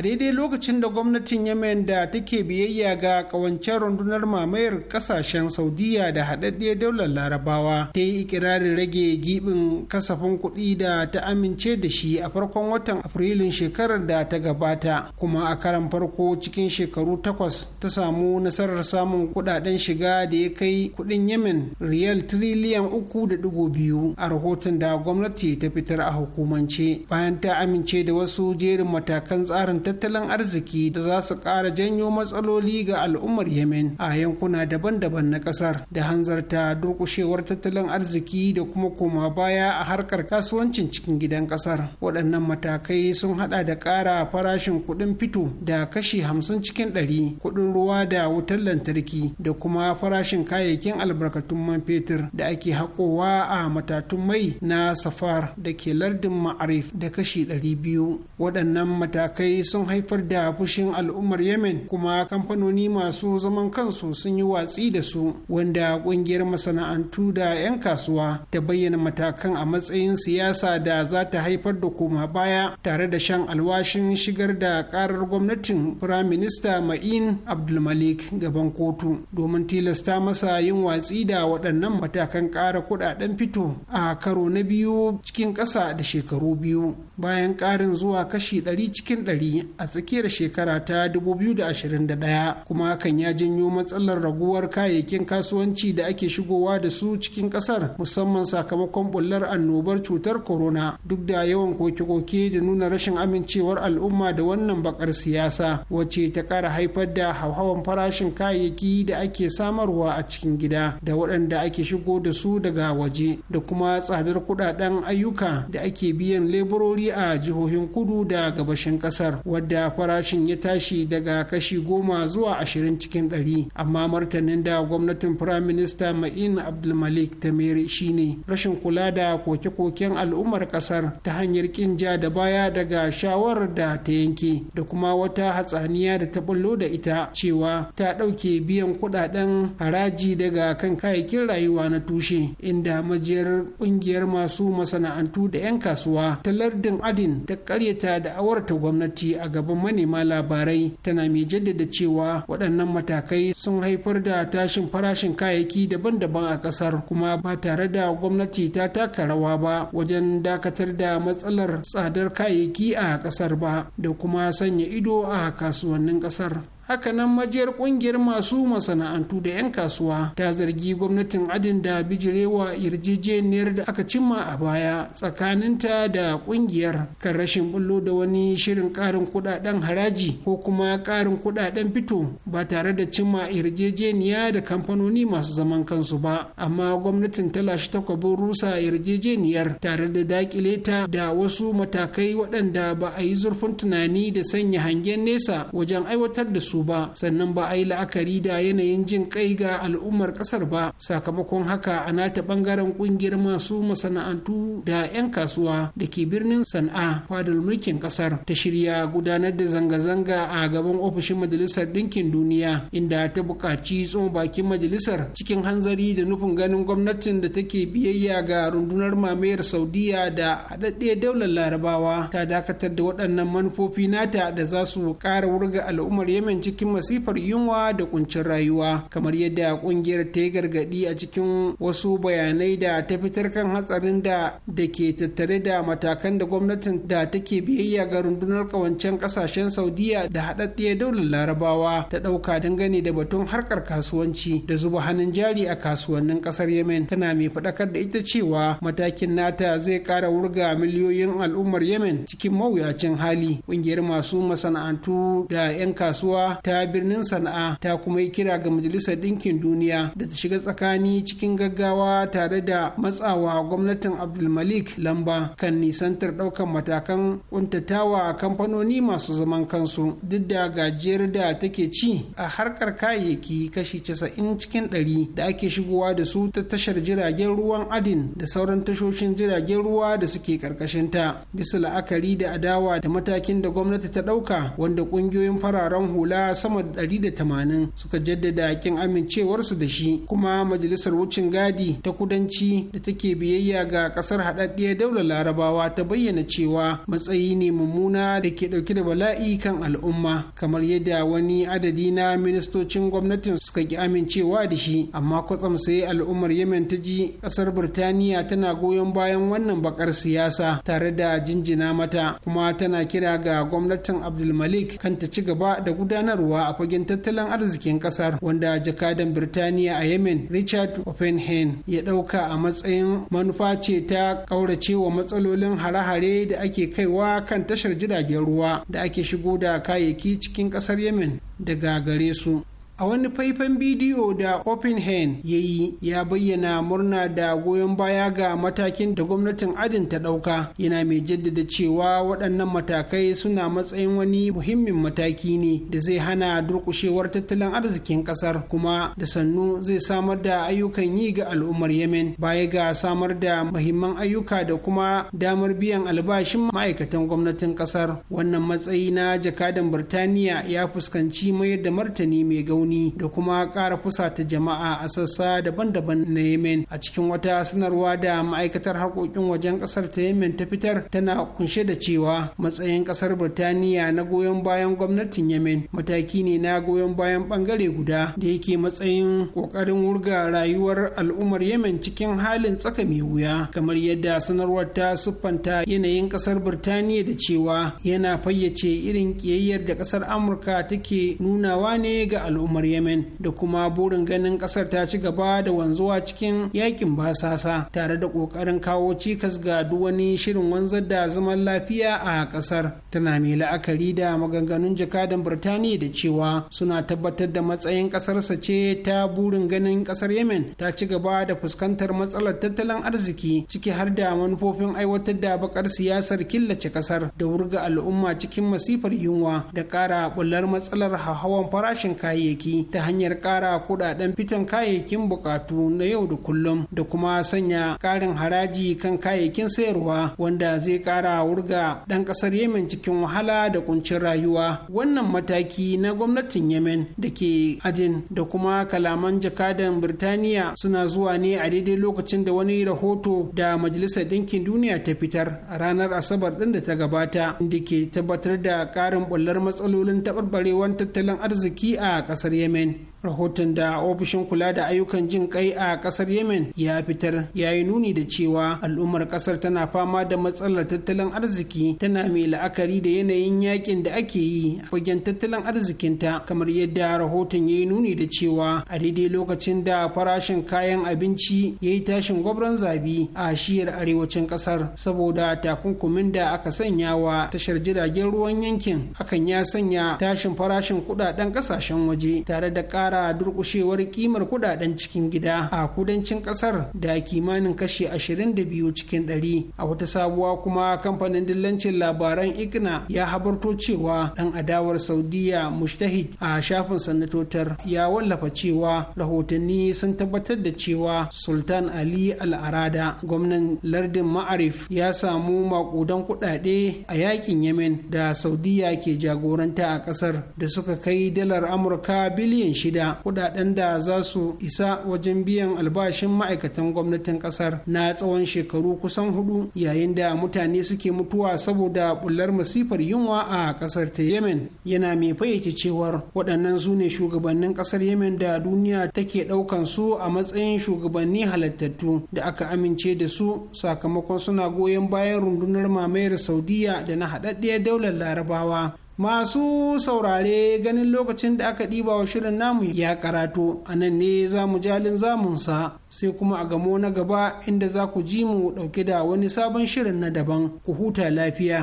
a daidai lokacin da gwamnatin yemen da take biyayya ga kawancen rundunar mamayar kasashen saudiya da haɗaɗɗiyar daular larabawa ta yi ikirarin rage gibin kasafin kuɗi da ta amince da shi a farkon watan afrilun shekarar da ta gabata kuma a karan farko cikin shekaru takwas ta samu nasarar samun kuɗaɗen shiga da ya kai kuɗin yemen riyal tiriliyan uku da dubu biyu a rahoton da gwamnati ta fitar a hukumance bayan ta amince da wasu jerin matakan tsarin tattalin arziki da za su ƙara janyo matsaloli ga al'ummar yemen a yankuna daban-daban na ƙasar da hanzarta durƙushewar tattalin arziki da kuma koma baya a harkar kasuwancin cikin gidan ƙasar waɗannan matakai sun haɗa da ƙara farashin kuɗin fito da kashi hamsin cikin ɗari kuɗin ruwa da wutar lantarki da kuma farashin kayayyakin albarkatun man fetur da ake haƙowa a matatun mai na safar da ke lardin ma'arif da kashi ɗari biyu waɗannan matakai sun sun haifar da fushin al'ummar yemen kuma kamfanoni masu zaman kansu sun yi watsi da su wanda kungiyar masana'antu da 'yan kasuwa ta bayyana matakan a matsayin siyasa da za ta haifar da koma baya tare da shan alwashin shigar da karar gwamnatin firaminista ma'in abdulmalik gaban kotu domin tilasta masa yin watsi da waɗannan matakan ƙara kuɗaɗen fito a karo na biyu cikin ƙasa da shekaru biyu bayan ƙarin zuwa kashi 100 cikin 100 a tsakiyar shekara ta 2021 kuma hakan ya janyo matsalar raguwar kayayyakin kasuwanci da ake shigowa da su cikin kasar musamman sakamakon bullar annobar cutar corona duk da yawan koke-koke da nuna rashin amincewar al'umma da wannan bakar siyasa wace ta kara haifar da hauhawan farashin kayayyaki da ake samarwa a cikin gida da waɗanda ake shigo da su daga waje da kuma tsadar kuɗaɗen ayyuka da ake biyan leburori a jihohin kudu da gabashin ƙasar? wadda farashin ya tashi daga kashi goma zuwa ashirin cikin ɗari amma martanin da gwamnatin firaminista ma'in abdulmalik ta tamere shine rashin kula da koke-koken al'ummar ƙasar ta hanyar kin ja da baya daga shawarar da ta yanke da kuma wata hatsaniya da ta bullo da ita cewa ta ɗauke biyan kuɗaɗen haraji daga kan kayayyakin rayuwa na tushe inda majiyar ƙungiyar masu masana'antu da 'yan kasuwa ta lardin adin ta karyata da awarta gwamnati a gaban manema labarai tana mai jaddada cewa waɗannan matakai sun haifar da tashin farashin kayayyaki daban-daban a ƙasar kuma ba tare da gwamnati ta taka rawa ba wajen dakatar da matsalar tsadar kayayyaki a ƙasar ba da kuma sanya ido a kasuwannin ƙasar. hakanan majiyar kungiyar masu masana'antu da 'yan kasuwa ta zargi gwamnatin adin da bijirewa yarjejeniyar da aka cimma a baya tsakaninta da kungiyar kan rashin bullo da wani shirin karin kudaden haraji ko kuma karin kudaden fito ba tare da cimma yarjejeniya da kamfanoni masu zaman kansu ba amma gwamnatin ta lashe takwabin rusa yarjejeniyar tare da dakile ta da wasu matakai waɗanda ba a yi zurfin tunani da sanya hangen nesa wajen aiwatar da su ba sannan ba a yi la'akari da yanayin jin kai ga al'ummar kasar ba sakamakon haka a nata bangaren kungiyar masu masana'antu da 'yan kasuwa da ke birnin sana'a fadar mulkin kasar ta shirya gudanar da zanga-zanga a gaban ofishin majalisar ɗinkin duniya inda ta buƙaci tsoma bakin majalisar cikin hanzari da nufin ganin gwamnatin da take biyayya ga rundunar mamayar saudiya da haɗaɗɗe daular larabawa ta dakatar da waɗannan manufofi nata da za su ƙara wurga al'ummar yemen cikin masifar yunwa da kuncin rayuwa kamar yadda kungiyar ta yi gargadi a cikin wasu bayanai da ta fitar kan hatsarin da da ke tattare da matakan da gwamnatin da take biyayya ga rundunar kawancen kasashen saudiya da haɗaɗɗiyar daular larabawa ta ɗauka dangane da batun harkar kasuwanci da zuba hannun jari a kasuwannin ƙasar yemen tana mai faɗakar da ita cewa matakin nata zai ƙara wurga miliyoyin al'ummar yemen cikin mawuyacin hali ƙungiyar masu masana'antu da 'yan kasuwa ta birnin sana'a ta kuma yi kira ga majalisar ɗinkin duniya da ta shiga tsakani cikin gaggawa tare da matsawa gwamnatin abdulmalik lamba kan nisantar ɗaukar matakan kuntatawa kamfanoni masu zaman kansu duk da gajiyar da take ci a harkar kayayyaki kashi casa'in cikin ɗari da ake shigowa da su ta tashar jiragen ruwan adin da sauran tashoshin jiragen ruwa da suke ta bisa la'akari da adawa da matakin da gwamnati ta ɗauka wanda ƙungiyoyin fararen hula sama da 180 suka jaddada kin amincewarsu da shi kuma majalisar wucin gadi ta kudanci da take biyayya ga kasar haɗaɗɗiyar daular larabawa ta bayyana cewa matsayi ne mummuna da ke ɗauke da bala'i kan al'umma kamar yadda wani adadi na ministocin gwamnatin suka ki amincewa da shi amma kwatsam sai al'ummar yemen ta ji kasar birtaniya tana goyon bayan wannan bakar siyasa tare da jinjina mata kuma tana kira ga gwamnatin abdulmalik kan ta ci gaba da gudanar sanarwa a fagen tattalin arzikin kasar wanda jakadan birtaniya a yemen richard oppenheim ya dauka a matsayin manufa ce ta wa matsalolin hare-hare da ake kaiwa kan tashar jiragen ruwa da ake shigo da kayayyaki cikin kasar yemen daga gare su a wani faifan bidiyo da oppenheim ya yi ya bayyana murna da goyon baya ga matakin da gwamnatin adin ta ɗauka yana mai jaddada cewa waɗannan matakai suna matsayin wani muhimmin mataki ne da zai hana durƙushewar tattalin arzikin ƙasar kuma da sannu zai samar da ayyukan yi ga al'ummar yemen baya ga samar da mahimman ayyuka da kuma damar biyan albashin ma'aikatan gwamnatin ƙasar wannan matsayi na jakadan birtaniya ya fuskanci mayar da martani mai gauni rauni da kuma ƙara fusata jama'a a sassa daban-daban na yemen a cikin wata sanarwa da ma'aikatar harkokin wajen ƙasar ta yemen ta fitar tana kunshe da cewa matsayin ƙasar birtaniya na goyon bayan gwamnatin yemen mataki ne na goyon bayan ɓangare guda da yake matsayin ƙoƙarin wurga rayuwar al'ummar yemen cikin halin tsaka mai wuya kamar yadda sanarwar ta siffanta yanayin ƙasar birtaniya da cewa yana fayyace irin ƙiyayyar da ƙasar amurka take nunawa ne ga al'ummar kamar yemen da kuma burin ganin kasar ta ci gaba da wanzuwa cikin yakin basasa tare da kokarin kawo cikas ga duk wani shirin wanzar da zaman lafiya a kasar tana mai la'akari da maganganun jakadan birtaniya da cewa suna tabbatar da matsayin kasarsa ce ta burin ganin kasar yemen ta ci gaba da fuskantar matsalar tattalin arziki ciki har da manufofin aiwatar da bakar siyasar killace kasar da wurga al'umma cikin masifar yunwa da kara bullar matsalar hawan farashin kayayyaki ta hanyar ƙara kuɗaɗen fitan kayayyakin buƙatu na yau da kullum da kuma sanya ƙarin haraji kan kayayyakin sayarwa wanda zai ƙara wurga ɗan ƙasar yemen cikin wahala da kuncin rayuwa wannan mataki na gwamnatin yemen da ke adin da kuma kalaman jakadan birtaniya suna zuwa ne a daidai lokacin da wani rahoto da majalisar ɗinkin duniya ta fitar a ranar asabar ɗin da ta gabata inda ke tabbatar da ƙarin bullar matsalolin taɓarɓarewar tattalin arziki a ƙasar Yemen rahoton da ofishin kula da ayyukan jin kai a kasar yemen ya fitar ya yi nuni da cewa al'ummar kasar tana fama da matsalar tattalin arziki tana mai la'akari da yanayin yakin da ake yi a fagen tattalin arzikinta kamar yadda rahoton ya yi nuni da cewa a daidai lokacin da farashin kayan abinci ya yi tashin gwabron zabi a shiyar arewacin kasar saboda takunkumin da aka sanya wa tashar jiragen ruwan yankin akan ya sanya tashin farashin kudaden kasashen waje tare da ƙara ƙara durkushewar kimar kudaden cikin gida a kudancin ƙasar da kimanin kashi 22 cikin 100 a wata sabuwa kuma kamfanin dillancin labaran igna ya habarto cewa dan adawar saudiya mushtahid a shafin sanatotar ya wallafa cewa rahotanni sun tabbatar da cewa sultan ali al'arada gwamnan lardin ma'arif ya samu makudan kudade a yakin yemen da saudiya ke jagoranta a ƙasar da suka kai dalar amurka biliyan shida da kudaden da za su isa wajen biyan albashin ma'aikatan gwamnatin kasar na tsawon shekaru kusan hudu yayin da mutane suke mutuwa saboda bullar masifar yunwa a kasar ta yemen yana mai fayyace cewar waɗannan su ne shugabannin kasar yemen da duniya take ɗaukan su a matsayin shugabanni halittattu da aka amince da su sakamakon suna goyon bayan rundunar mamayar saudiya da na haɗaɗɗiyar daular larabawa masu saurare ganin lokacin da aka ɗiba wa shirin namu ya karatu a nan ne za mu jalin zamunsa sai kuma a gamo na gaba inda za ku ji mu ɗauke da wani sabon shirin na daban ku huta lafiya.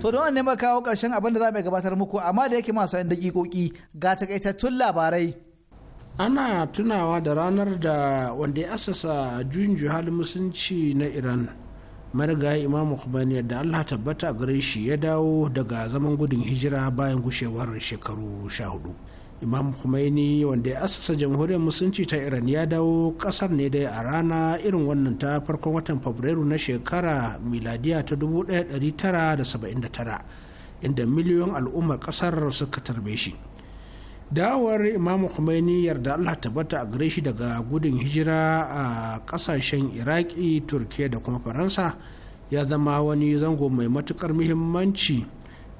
To don an nema kawo ƙarshen abin da za mu gabatar muku amma da yake masu 'yan dakikoki ga takaitattun labarai. ana tunawa da ranar da wanda ya asasa juyin halin musulunci na iran marigayi imam khomeini da allah tabbata gare shi ya dawo daga zaman gudun hijira bayan gushewar shekaru sha hudu imam khomeini wanda ya asasa jamhuriyar musulunci ta iran ya dawo kasar ne dai a rana irin wannan ta farkon watan fabrairu na shekara miladiya ta da da saba'in tara, inda miliyon al'ummar kasar suka tarbe shi dawar imamu khomeini yarda allah tabbata a gare shi daga gudun hijira a kasashen iraki turkiya da kuma faransa ya zama wani zango mai matukar muhimmanci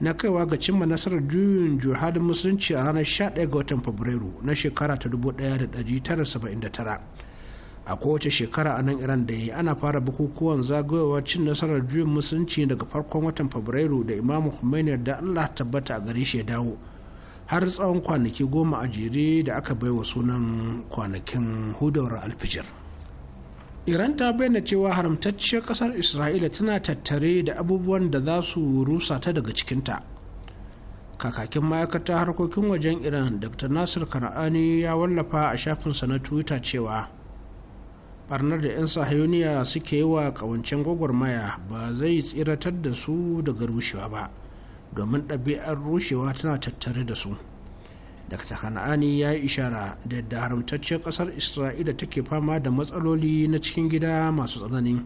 na kaiwa ga cimma nasarar juyin juhadin musulunci a ranar 11 ga watan fabrairu na shekara ta 1979 a kowace shekara a nan iran da ya ana fara bukukuwan zagayowar cin nasarar juyin musulunci daga farkon watan fabrairu da imamu khomeini da allah tabbata a gare shi ya dawo har tsawon kwanaki goma a jere da aka bai wa sunan kwanakin hudawar alfijir iran ta bayyana cewa haramtacciyar kasar isra'ila tana tattare da abubuwan da za su rusa ta daga cikinta kakakin ma'aikata harkokin wajen iran dr nasir kana'ani ya wallafa a shafinsa na twitter cewa barnar da 'yan sahayoniya suke yi wa kawancen gwagwarmaya ba zai tsiratar da su daga rushewa ba domin ɗabi'ar rushewa tana tattare da su dr hana'ani ya yi ishara da yadda haramtacciyar ƙasar isra'ila take fama da matsaloli na cikin gida masu tsanani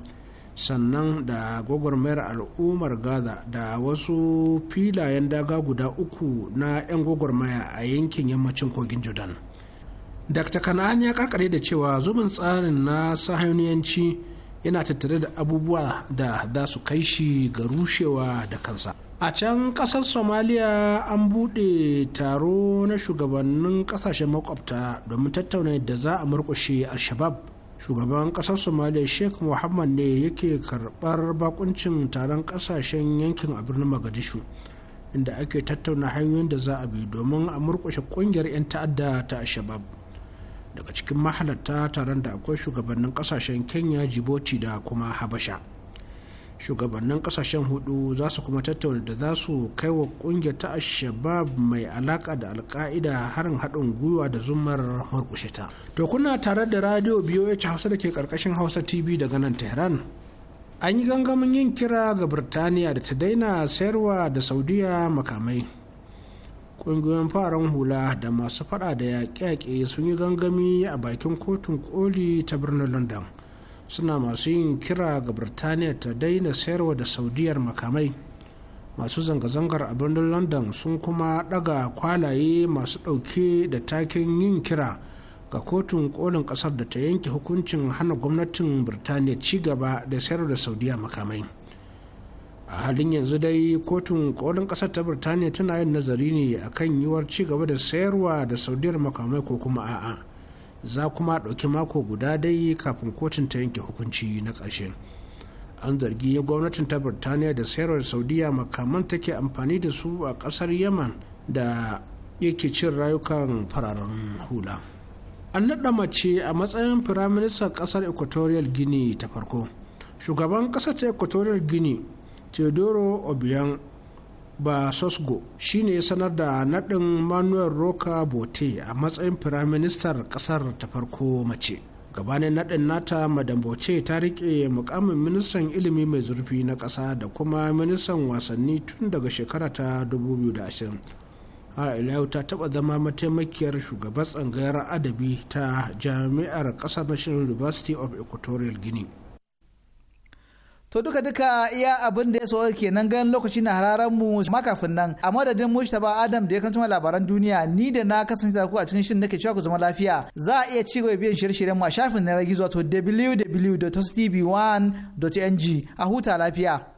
sannan da gwagwarmayar al'ummar gaza da wasu filayen daga guda uku na 'yan gwagwarmaya a yankin yammacin kogin jordan dr kana'an ya karkare da cewa zubin tsarin na sahayoniyanci yana tattare da abubuwa da za su kai shi ga rushewa da kansa a can kasar somaliya an bude taro na shugabannin kasashen makwabta domin tattauna yadda za a murkushe al-shabab shugaban kasar somaliya sheikh muhammad ne yake karbar bakuncin taron kasashen yankin a birnin magadishu inda ake tattauna hanyoyin da za a bi domin a murkushe ƙungiyar 'yan ta'adda ta al-shabab daga cikin mahalarta taron da akwai shugabannin kasashen kenya jiboti da kuma habasha shugabannin kasashen hudu za su kuma tattauna da za su kai wa kungiyar ta shabab mai alaka da alka'ida harin haɗin gwiwa da zumar murkushe ta to kuna tare da radio ci hausa da ke karkashin hausa tv daga nan tehran an yi gangamin yin kira ga birtaniya da ta daina sayarwa da saudiya makamai ƙungiyoyin fararen hula da masu fada da yaƙe-yaƙe sun yi gangami a bakin kotun koli ta birnin london suna masu yin kira ga birtaniya ta daina sayarwa da saudiyar makamai masu zanga-zangar a birnin london sun kuma daga kwalaye masu dauke da takin yin kira ga kotun kolin kasar da ta yanke hukuncin hana gwamnatin birtaniya ci gaba da sayar da saudiya makamai a halin yanzu dai kotun kolin kasar ta birtaniya tana yin nazari ne akan yiwuwar ci gaba da sayarwa da saudiyar makamai ko kuma a'a. za kuma ɗauki mako guda dai kafin kotun ta yanke hukunci na ƙarshe an zargi gwamnatin ta birtaniya da sayarwar saudiya makaman take amfani da su a ƙasar yaman da yake cin rayukan fararen hula an naɗa mace a matsayin firaministan ƙasar equatorial guinea ta farko shugaban ƙasar ta equatorial guinea teodoro obiang ba sosgo shine ya sanar da naɗin manuel roca bote a matsayin firaministar ƙasar ta farko mace gabanin naɗin nata madam bote ta riƙe mukamin ministan ilimi mai zurfi na ƙasa da kuma ministan wasanni tun daga shekara ta 2020 a ilayu ta taɓa zama mataimakiyar shugaban tsangayar adabi ta jami'ar ƙasar national university of equatorial guinea To duka duka iya abin da ya so nan ganin lokaci na hararan mu makafin nan a madadin ba Adam da ya kan tuma labaran duniya ni da na kasance da ku a cikin shirin nake cewa ku zama lafiya. Za a iya ci gaba biyan shirye-shiryen mu a shafin na gizo to www.tv1.ng a huta lafiya.